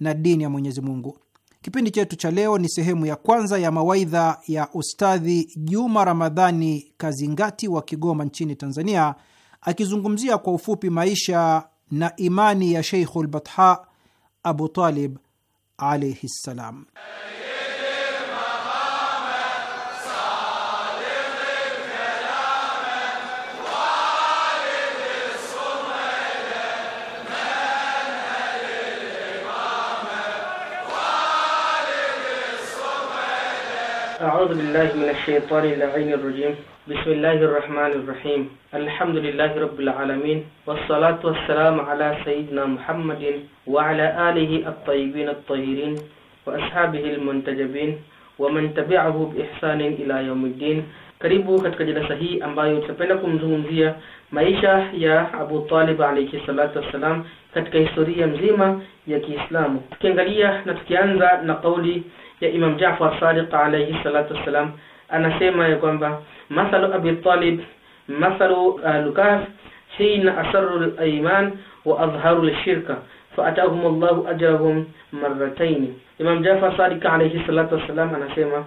na dini ya Mwenyezi Mungu. Kipindi chetu cha leo ni sehemu ya kwanza ya mawaidha ya Ustadhi Juma Ramadhani Kazingati wa Kigoma nchini Tanzania, akizungumzia kwa ufupi maisha na imani ya Sheikhul Batha Abu Talib alaihi ssalam. أعوذ بالله من الشيطان اللعين الرجيم بسم الله الرحمن الرحيم الحمد لله رب العالمين والصلاة والسلام على سيدنا محمد وعلى آله الطيبين الطهيرين وأصحابه المنتجبين ومن تبعه بإحسان إلى يوم الدين karibu katika jadala hii ambayo tutapenda kumzungumzia maisha ya abu talib alaihi salatu wassalam katika historia mzima ya kiislamu tukiangalia na tukianza na kauli ya Imam Jaafar Sadiq alayhi salatu wassalam anasema ya kwamba mathalu Abi Talib mathalu uh, Lukas hina asarru al-iman wa azharu al-shirka faatahum Allahu ajrahum marratayn. Imam Jaafar Sadiq alayhi salatu wassalam anasema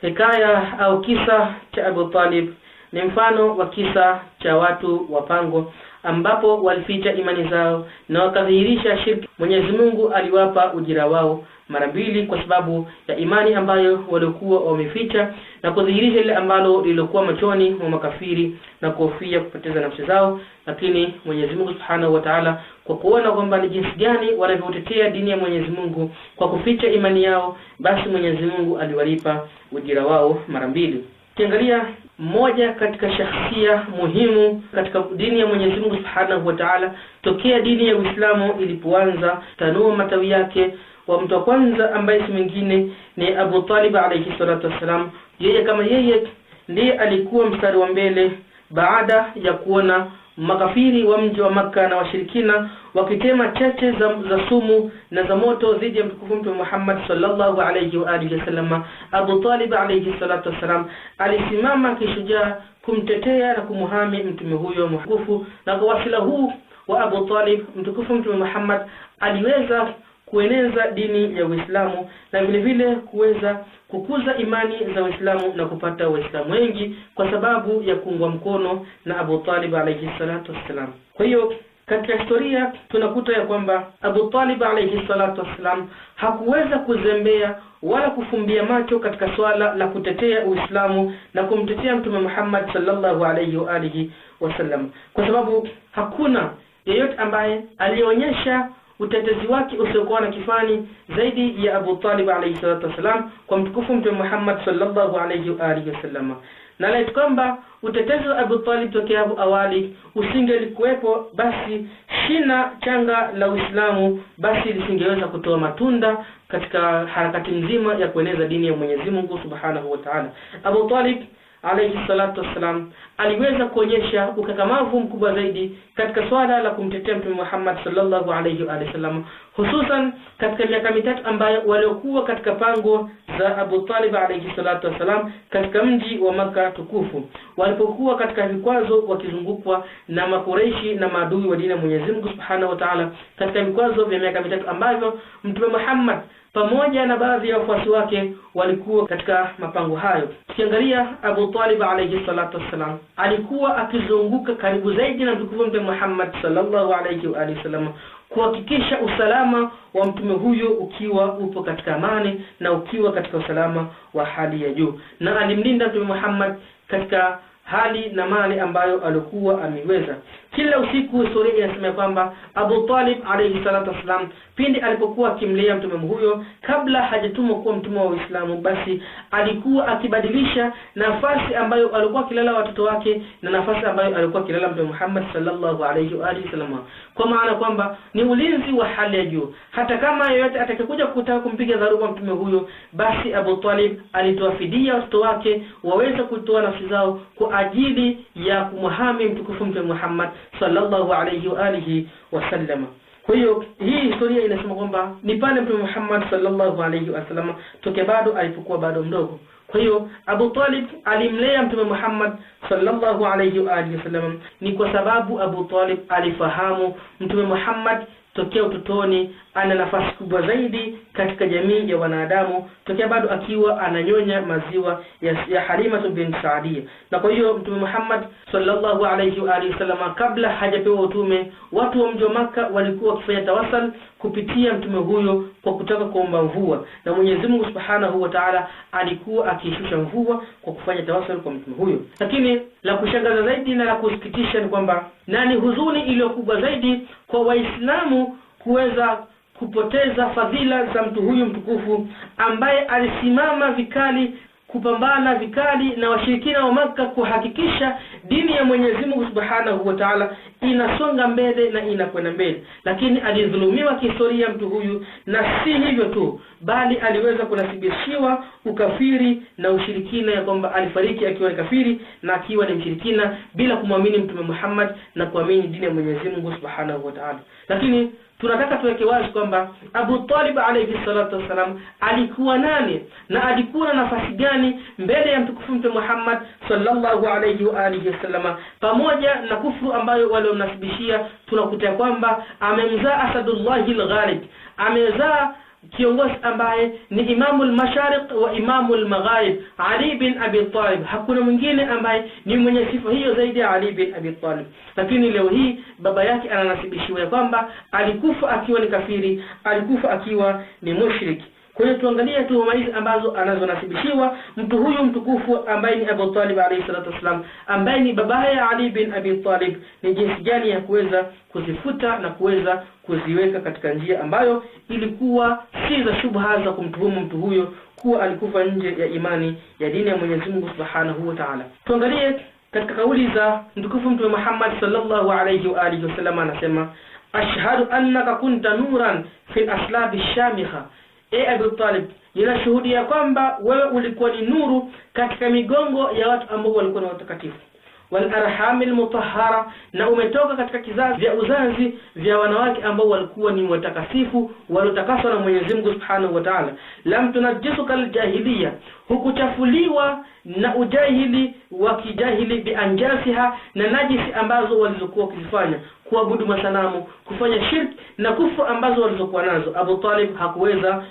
hikaya au kisa cha Abu Talib ni mfano wa kisa cha watu wa pango ambapo walificha imani zao na wakadhihirisha shirki. Mwenyezi Mungu aliwapa ujira wao mara mbili kwa sababu ya imani ambayo waliokuwa wameficha na kudhihirisha lile ambalo lililokuwa machoni mwa makafiri na kuhofia kupoteza nafsi zao. Lakini Mwenyezi Mungu Subhanahu wa Ta'ala, kwa kuona kwamba ni jinsi gani wanavyotetea dini ya Mwenyezi Mungu kwa kuficha imani yao, basi Mwenyezi Mungu aliwalipa ujira wao mara mbili. Ukiangalia moja katika shakhsia muhimu katika dini ya Mwenyezi Mungu Subhanahu wa Ta'ala, tokea dini ya Uislamu ilipoanza tanua matawi yake wa mtu wa kwanza ambaye si mwingine ni Abu Talib alayhi salatu wassalam. Yeye kama yeye ndiye alikuwa mstari wa mbele baada ya kuona makafiri wa mji wa Makka na washirikina wakitema chache za, za sumu na za moto dhidi ya mtukufu Mtume Muhammad sallallahu alayhi wa alihi wasallam. Abu Talib alayhi salatu wassalam alisimama kishujaa kumtetea na kumuhami mtume huyo mtukufu, na kwa wasila huu wa Abu Talib mtukufu Mtume Muhammad aliweza kueneza dini ya Uislamu na vile vile kuweza kukuza imani za Uislamu na kupata Waislamu wengi kwa sababu ya kuungwa mkono na Abu Talib alayhi salatu wassalam. Kwa hiyo katika historia tunakuta ya kwamba Abu Talib alayhi salatu wassalam hakuweza kuzembea wala kufumbia macho katika swala la kutetea Uislamu na kumtetea Mtume Muhammad sallallahu alayhi wa alihi wasallam, kwa sababu hakuna yeyote ambaye alionyesha utetezi wake usiokuwa na kifani zaidi ya Abu Talib alayhi salatu wasalam kwa mtukufu Mtume Muhammad sallallahu alayhi wa alihi wasallam, na laiti kwamba utetezi wa Abu Talib toke hapo awali usingelikuwepo, basi shina changa la Uislamu basi lisingeweza kutoa matunda katika harakati nzima ya kueneza dini ya Mwenyezi Mungu subhanahu wa ta'ala. Abu Talib alayhi salatu wassalam aliweza kuonyesha ukakamavu mkubwa zaidi katika swala la kumtetea mtume Muhammad sallallahu alayhi wa sallam hususan katika miaka mitatu ambayo waliokuwa katika pango za Abu Talib alayhi salatu wassalam katika mji wa maka tukufu walipokuwa katika vikwazo wakizungukwa na makureishi na maadui wa dini ya Mwenyezi Mungu Subhanahu wa Ta'ala katika vikwazo vya miaka mitatu ambavyo mtume Muhammad pamoja na baadhi ya wafuasi wake walikuwa katika mapango hayo. Tukiangalia, Abu Talib alayhi salatu wassalam alikuwa akizunguka karibu zaidi na mtukufu Mtume Muhammad sallallahu alayhi wa alihi wasallam kuhakikisha usalama wa mtume huyo ukiwa upo katika amani na ukiwa katika usalama wa hali ya juu, na alimlinda Mtume Muhammad katika hali na mali ambayo alikuwa ameweza. Kila usiku historia inasema kwamba Abu Talib alayhi salatu wasalam pindi alipokuwa akimlea mtume huyo kabla hajatumwa kuwa mtume wa Uislamu, basi alikuwa akibadilisha nafasi ambayo alikuwa akilala watoto wake na nafasi ambayo alikuwa akilala mtume Muhammad sallallahu alayhi wa alihi wasallam, kwa maana kwamba ni ulinzi wa hali ya juu. Hata kama yeyote atakayekuja kutaka kumpiga dharuba mtume huyo, basi Abu Talib alitoa fidia watoto wake waweze kutoa nafsi zao kwa ajili ya kumhami mtukufu mtume Muhammad sallallahu alayhi wa alihi wasallam. Kwa hiyo hii historia inasema kwamba ni pale Mtume Muhammad sallallahu alayhi wasallam toke bado alipokuwa bado mdogo. Kwa hiyo Abu Talib alimlea Mtume Muhammad sallallahu alayhi wa alihi wasallam, ni kwa sababu Abu Talib alifahamu Mtume Muhammad tokea utotoni ana nafasi kubwa zaidi katika jamii ya wanadamu tokea bado akiwa ananyonya maziwa ya, ya Halima bin Saadia, na kwa hiyo Mtume Muhammad sallallahu alayhi wa alihi wasallam kabla hajapewa utume, watu wa mji wa Maka walikuwa wakifanya tawassul kupitia mtume huyo kwa kutaka kuomba mvua, na Mwenyezi Mungu Subhanahu wa Ta'ala alikuwa akishusha mvua kwa kufanya tawassul kwa mtume huyo. Lakini la kushangaza zaidi na la kusikitisha ni kwamba nani, huzuni iliyokubwa zaidi kwa Waislamu kuweza kupoteza fadhila za mtu huyu mtukufu ambaye alisimama vikali kupambana vikali na washirikina wa Makka kuhakikisha dini ya Mwenyezi Mungu Subhanahu wa Ta'ala inasonga mbele na inakwenda mbele, lakini alidhulumiwa kihistoria mtu huyu, na si hivyo tu, bali aliweza kunasibishiwa ukafiri na ushirikina, ya kwamba alifariki akiwa ni kafiri na akiwa ni mshirikina bila kumwamini Mtume Muhammad na kuamini dini ya Mwenyezi Mungu Subhanahu wa Ta'ala, lakini tunataka tuweke wazi kwamba Abu Talib alayhi salatu wasalam alikuwa nani na alikuwa na nafasi gani mbele ya mtukufu Mtume Muhammad sallallahu alayhi wa alihi wasallam. Pamoja na kufuru ambayo waliomnasibishia, tunakuta kwamba amemzaa Asadullahi al-Ghalib, amezaa kiongozi ambaye ni imamu al wa imamu al-magharib Ali bin Abi Talib. Hakuna mwingine ambaye ni mwenye sifa hiyo zaidi ya Ali bin Abi Talib, lakini leo hii baba yake ananasibishiwa ya kwamba alikufa akiwa ni kafiri, alikufa akiwa ni mushriki. Kwa hiyo tuangalie tu maisha ambazo anazonasibishiwa mtu huyu mtukufu ambaye ni Abu Talib alayhi salatu wassalam, ambaye ni babaye Ali bin Abi Talib, ni jinsi gani ya kuweza kuzifuta na kuweza kuziweka katika njia ambayo ilikuwa si za shubha za kumtuhumu mtu huyo kuwa alikufa nje ya imani ya dini ya Mwenyezi Mungu Subhanahu wa Ta'ala. Tuangalie katika kauli za mtukufu Mtume Muhammad sallallahu alayhi wa alihi wasallam, anasema ashhadu annaka kunta nuran fi aslabi shamikha e eh, Abu Talib ninashuhudia kwamba wewe ulikuwa ni nuru katika migongo ya watu ambao walikuwa na watakatifu wal arhami na umetoka katika kizazi vya uzazi vya wanawake ambao walikuwa ni watakasifu waliotakaswa na Mwenyezi Mungu Subhanahu wa Ta'ala. Lam tunajisuka aljahiliya, hukuchafuliwa na ujahili wa kijahili bianjasiha, na najisi ambazo walizokuwa kuzifanya kuabudu masanamu, kufanya shirki na kufu ambazo walizokuwa nazo. Abu Talib hakuweza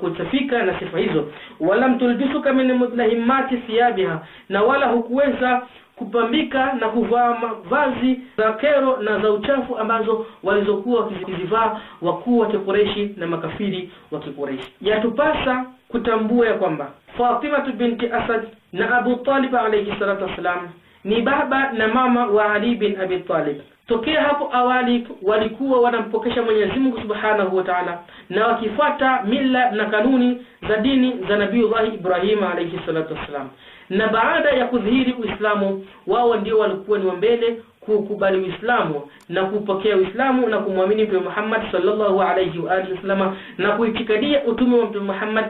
kutafika na sifa hizo. Walam tulbisuka min mudlahimati thiyabiha, na wala hukuweza kupambika na kuvaa mavazi za kero na za uchafu ambazo walizokuwa wakizivaa wakuu wa Kikureshi na makafiri wa Kikureshi. Yatupasa kutambua ya kwamba Fatima binti Asad na Abu Talib alayhi salatu wassalam ni baba na mama wa Ali bin Abi Talib. Tokea hapo awali walikuwa wanampokesha Mwenyezi Mungu Subhanahu wa Ta'ala na wakifuata mila na kanuni za dini za Nabiyullah Ibrahim alayhi salatu wassalam na baada ya kudhihiri Uislamu wao ndio walikuwa ni wa mbele kukubali Uislamu na kupokea Uislamu na kumwamini Mtume Muhammad sallallahu alayhi wa alihi wasallam na kuitikadia utume wa Mtume Muhammad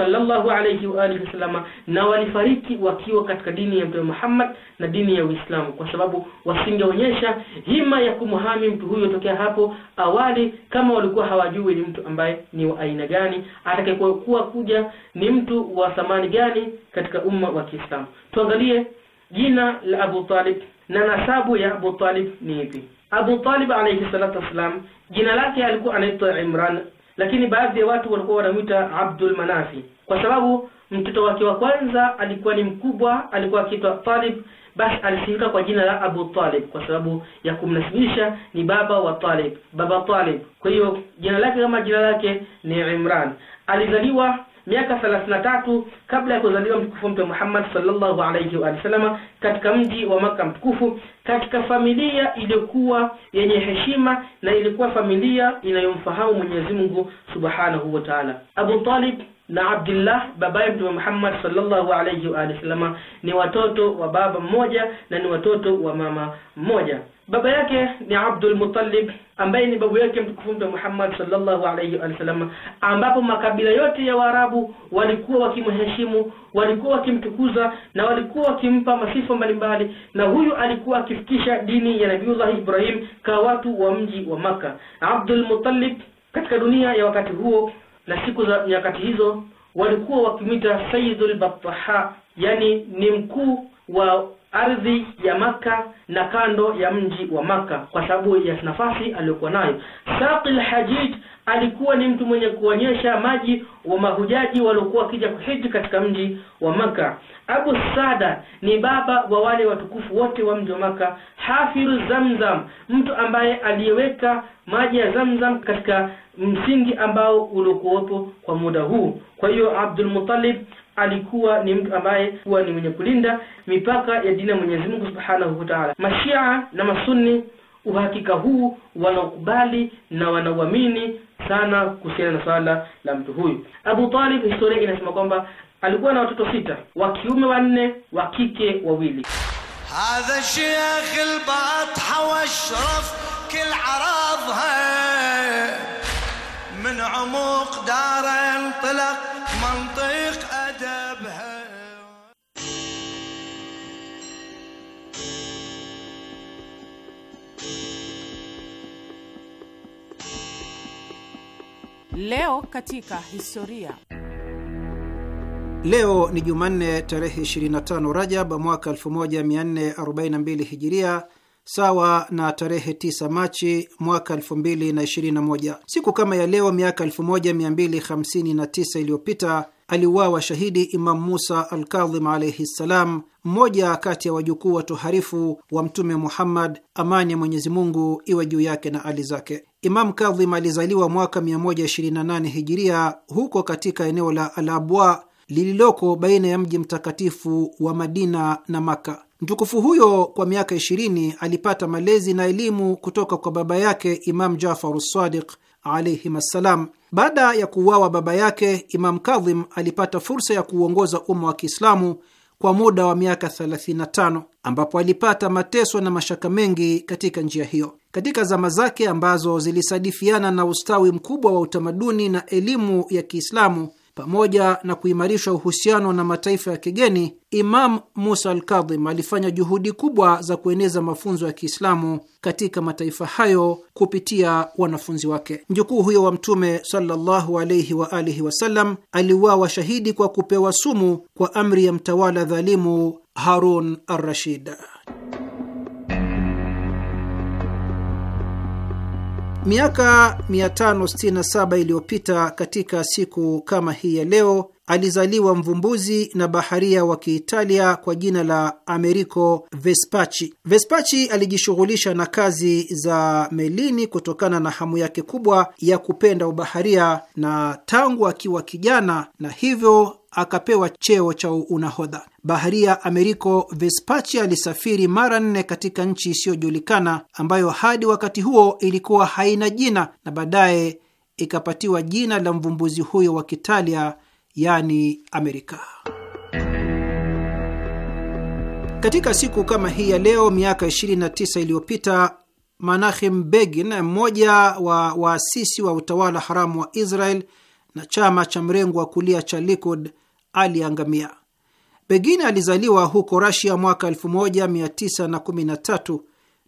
sallallahu alayhi wa alihi wasallama, na walifariki wakiwa katika dini ya Mtume Muhammad na dini ya Uislamu, kwa sababu wasingeonyesha hima ya kumhami mtu huyo tokea hapo awali, kama walikuwa hawajui ni mtu ambaye ni wa aina gani, atakayekuwa kuja ni mtu wa thamani gani katika umma wa Kiislamu. Tuangalie jina la Abu Talib na nasabu ya Abu Talib ni ipi? Abu Talib alayhi salatu wassalam, jina lake alikuwa anaitwa Imran lakini baadhi ya watu walikuwa wanamwita Abdul Manafi kwa sababu mtoto wake wa kwanza alikuwa ni mkubwa, alikuwa akiitwa Talib, basi alisimika kwa jina la Abu Talib kwa sababu ya kumnasibisha ni baba wa Talib, baba Talib. Kwa hiyo jina lake kama jina lake ni Imran. Alizaliwa miaka 33 kabla ya kuzaliwa mtukufu Mtume Muhammad sallallahu alayhi wa sallama katika mji wa Maka mtukufu katika familia iliyokuwa yenye heshima na ilikuwa familia inayomfahamu Mwenyezi Mungu subhanahu wa Ta'ala. Abu Talib na Abdullah babaye Mtume Muhammad sallallahu alayhi wa wasallam ni watoto wa baba mmoja na ni watoto wa mama mmoja. Baba yake ni Abdul Muttalib ambaye ni babu yake mtukufu Mtume Muhammad sallallahu alayhi wa sallam, ambapo makabila yote ya Waarabu walikuwa wakimheshimu, walikuwa wakimtukuza na walikuwa wakimpa masifa mbalimbali, na huyu alikuwa akifikisha dini ya Nabiullah Ibrahim kwa watu wa mji wa Maka. Abdul Muttalib katika dunia ya wakati huo na siku za nyakati hizo walikuwa wakimwita Sayyidul Battaha, yani ni mkuu wa ardhi ya Maka na kando ya mji wa Maka kwa sababu ya nafasi aliyokuwa nayo. Saqil Hajij alikuwa ni mtu mwenye kuonyesha maji wa mahujaji waliokuwa wakija kuhiji katika mji wa Maka. Abu Sada ni baba wa wale watukufu wote wa mji wa Maka. Hafiru Zamzam, mtu ambaye aliyeweka maji ya Zamzam katika msingi ambao uliokuwepo kwa muda huu. Kwa hiyo Abdul Muttalib alikuwa ni mtu ambaye kuwa ni mwenye kulinda mipaka ya dini ya Mwenyezi Mungu Subhanahu wa Ta'ala. Mashia na Masunni uhakika huu wanaokubali na wanauamini sana kuhusiana na swala la mtu huyu. Abu Talib, historia inasema kwamba alikuwa na watoto sita, wa kiume wanne, wa kike wawili. hadha shaykh albatha wa ashraf kil aradha min umuq dara intilaq Leo katika historia. Leo ni Jumanne tarehe 25 Rajab mwaka 1442 Hijiria, sawa na tarehe 9 Machi mwaka 2021. Siku kama ya leo miaka 1259 iliyopita aliuawa shahidi Imam Musa Alkadhim alaihi ssalam, mmoja kati ya wajukuu watoharifu wa Mtume Muhammad, amani ya Mwenyezi Mungu iwe juu yake na ali zake. Imam Kadhim alizaliwa mwaka 128 hijiria huko katika eneo la Alabwa lililoko baina ya mji mtakatifu wa Madina na Maka. Mtukufu huyo kwa miaka 20 alipata malezi na elimu kutoka kwa baba yake Imam Jafar Sadiq alaihim assalam. Baada ya kuuawa baba yake, Imam Kadhim alipata fursa ya kuuongoza umma wa Kiislamu kwa muda wa miaka 35 ambapo alipata mateso na mashaka mengi katika njia hiyo. Katika zama zake ambazo zilisadifiana na ustawi mkubwa wa utamaduni na elimu ya Kiislamu, pamoja na kuimarisha uhusiano na mataifa ya kigeni, Imam Musa Alkadhim alifanya juhudi kubwa za kueneza mafunzo ya Kiislamu katika mataifa hayo kupitia wanafunzi wake. Mjukuu huyo wa Mtume sallallahu alayhi wa alihi wasallam aliuawa shahidi kwa kupewa sumu kwa amri ya mtawala dhalimu Harun Arrashid. Miaka 567 iliyopita katika siku kama hii ya leo alizaliwa mvumbuzi na baharia wa Kiitalia kwa jina la Americo Vespachi. Vespachi alijishughulisha na kazi za melini kutokana na hamu yake kubwa ya kupenda ubaharia na tangu akiwa kijana, na hivyo akapewa cheo cha unahodha. Baharia Americo Vespucci alisafiri mara nne katika nchi isiyojulikana ambayo hadi wakati huo ilikuwa haina jina na baadaye ikapatiwa jina la mvumbuzi huyo wa Kitalia, yani Amerika. Katika siku kama hii ya leo miaka 29 iliyopita Menachem Begin, mmoja wa waasisi wa utawala haramu wa Israel na chama cha mrengo wa kulia cha Likud aliangamia. Begin alizaliwa huko Rasia mwaka 1913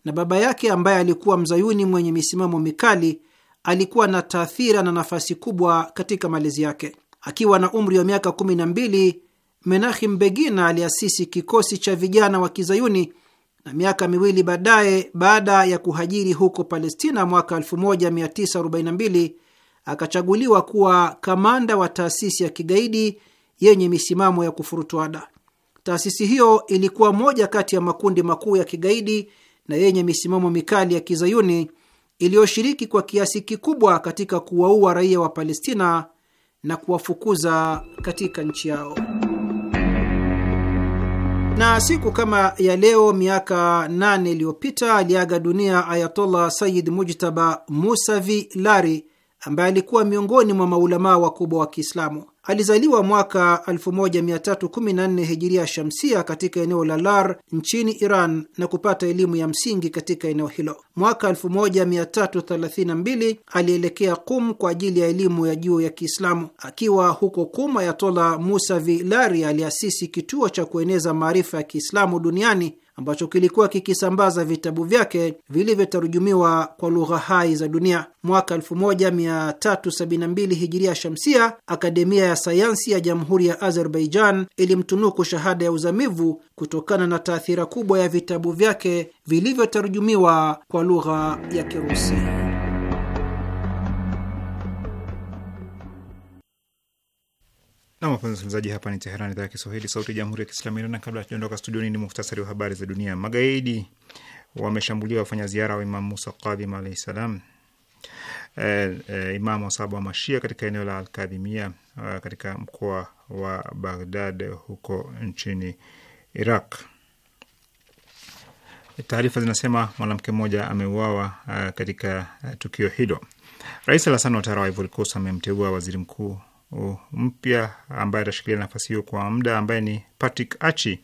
na baba yake ambaye alikuwa mzayuni mwenye misimamo mikali alikuwa na taathira na nafasi kubwa katika malezi yake. Akiwa na umri wa miaka 12, Menahim Begin aliasisi kikosi cha vijana wa kizayuni na miaka miwili baadaye, baada ya kuhajiri huko Palestina mwaka 1942, akachaguliwa kuwa kamanda wa taasisi ya kigaidi yenye misimamo ya kufurutuada. Taasisi hiyo ilikuwa moja kati ya makundi makuu ya kigaidi na yenye misimamo mikali ya kizayuni iliyoshiriki kwa kiasi kikubwa katika kuwaua raia wa Palestina na kuwafukuza katika nchi yao. Na siku kama ya leo miaka nane iliyopita aliaga dunia Ayatollah Sayid Mujtaba Musavi Lari ambaye alikuwa miongoni mwa maulamaa wakubwa wa Kiislamu. Alizaliwa mwaka 1314 hijiria shamsia katika eneo la Lar nchini Iran na kupata elimu ya msingi katika eneo hilo. Mwaka 1332 alielekea Kum kwa ajili ya elimu ya juu ya Kiislamu. Akiwa huko Kum, Ayatola Musavi Lari aliasisi kituo cha kueneza maarifa ya Kiislamu duniani ambacho kilikuwa kikisambaza vitabu vyake vilivyotarujumiwa kwa lugha hai za dunia. Mwaka 1372 hijiria shamsia, akademia ya sayansi ya jamhuri ya Azerbaijan ilimtunuku shahada ya uzamivu kutokana na taathira kubwa ya vitabu vyake vilivyotarujumiwa kwa lugha ya Kirusi. Namwapenzi msikilizaji, hapa ni Teheran, idhaa ya Kiswahili, sauti ya jamhuri ya kiislamu Iran. kabla hatujaondoka studioni, ni muhtasari wa habari za dunia. Magaidi wameshambulia wafanya ziara wa Imam Musa Kadhim alahi salam, e, eh, e, eh, imamu wa saba wa Mashia katika eneo la Alkadhimia eh, katika mkoa wa Baghdad huko nchini Iraq. Taarifa zinasema mwanamke mmoja ameuawa katika tukio hilo. Rais Alassane Watara wa Ivory Coast amemteua waziri mkuu mpya ambaye atashikilia nafasi hiyo kwa muda ambaye ni Patrick Achi.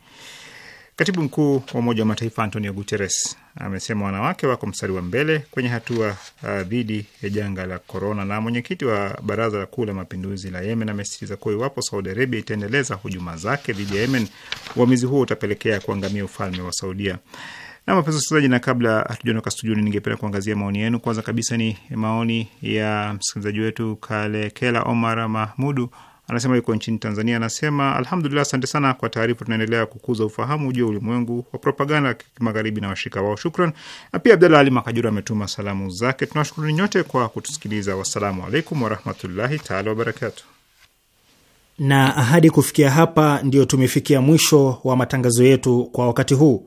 Katibu mkuu wa Umoja wa Mataifa Antonio Guterres amesema wanawake wako mstari wa mbele kwenye hatua uh, dhidi uh, ya janga la korona. Na mwenyekiti wa Baraza Kuu la Mapinduzi la Yemen amesisitiza kuwa iwapo Saudi Arabia itaendeleza hujuma zake dhidi ya Yemen, uamizi huo utapelekea kuangamia ufalme wa Saudia. Na mapeza wasikilizaji, na kabla hatujaondoka studioni, ningependa kuangazia maoni yenu. Kwanza kabisa ni maoni ya msikilizaji wetu Kalekela Omar Mahmudu, anasema yuko nchini Tanzania. Anasema alhamdulillah, asante sana kwa taarifa, tunaendelea kukuza ufahamu juu ya ulimwengu wa propaganda magharibi na washirika wao. Shukran. Na pia Abdalla Ali Makajura ametuma salamu zake. Tunawashukuru nyote kwa kutusikiliza. Wassalamu alaikum warahmatullahi taala wabarakatuh. Na ahadi kufikia hapa, ndiyo tumefikia mwisho wa matangazo yetu kwa wakati huu.